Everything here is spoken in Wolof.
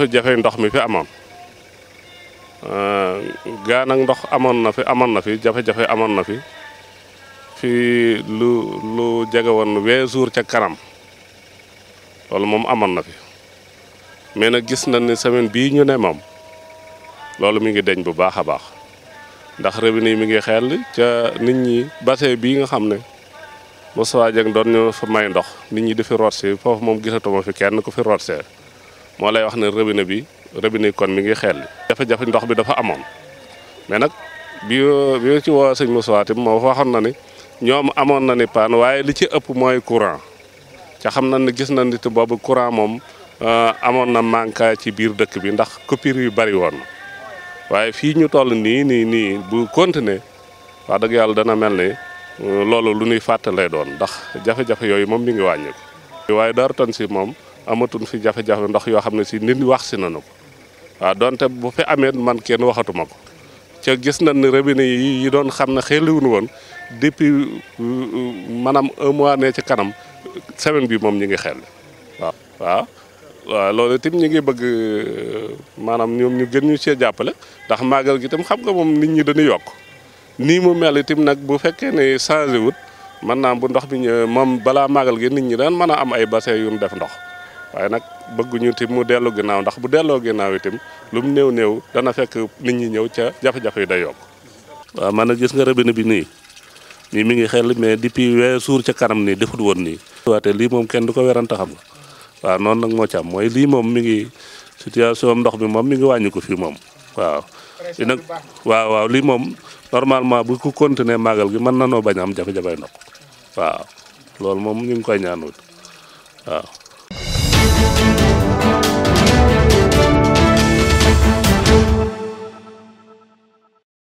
jafe-jafe ndox mi fi amoon euh, gaa nag ndox amoon na fi amoon na fi jafe-jafe amoon na fi fi lu lu jege woon wee jour ca kanam loolu moom amoon na fi mais nag gis nañ ni semaine bii ñu ne moom loolu mi ngi deñ bu baax a baax ndax robinet yi mi ngi xel ca nit ñi bassin bii nga xam ne Moustapha Dieng doon ñu fa may ndox nit ñi di fi root si foofu moom gisatuma fi kenn ku fi root see moo lay wax ne robinet bi robinet kon mi ngi xel jafe-jafe ndox bi dafa amoon mais nag bi bi ci woo sëñ Moussa Tim moo waxoon na ni ñoom amoon na ni paan waaye li ci ëpp mooy courant ca xam na ni gis na nit boobu courant moom euh, amoon na manque ci biir dëkk bi ndax kuppiir yu bari woon waaye fii ñu toll nii nii nii bu continuer waa dëgg yàlla dana mel ni euh, loolu lu nuy fàtte lay doon ndax jafe-jafe yooyu moom mi ngi wàññi ko waaye Darou Tanzil moom amatuñ fi jafe-jafe ndox yoo xam ne si nit ñi wax si nañu ko waaw donte bu fi amee man kenn waxatuma ko ca gis nañ ne robinet yi doon xam ne xeeliwuñu woon depuis euh, maanaam mois ne ci kanam semaine bi moom ñi ngi xel waaw waaw loolu itam ñi ngi bëgg euh, maanaam ñoom ñu gën ñu cee jàppale ndax màggal gi itam xam nga moom nit ñi dañuy yokk nii mu mel itam nag bu fekkee ne changé wut mën naa bu ndox bi ñëwee moom balaa màggal gi nit ñi daan mën a am ay bassin yu ñu def ndox waaye nag bëgguñu tim mu dellu ginnaaw ndax bu delloo ginnaaw itam lu mu néew néew dana fekk nit ñi ñëw ca jafe-jafe yi day yokk waaw man nag gis nga robinet bi nii nii mi ngi xel mais depuis weer suur ca kanam nii defut woon nii waate lii moom kenn du ko werante xam nga waaw noonu nag moo ci am mooy lii moom mi ngi situation ndox mi moom mi ngi wàññi ko fii moom waa li nag waaw waaw lii moom normalement bu ku continuer màggal gi mën na noo bañ am jafe-jafey ndox loolu moom ñu ngi koy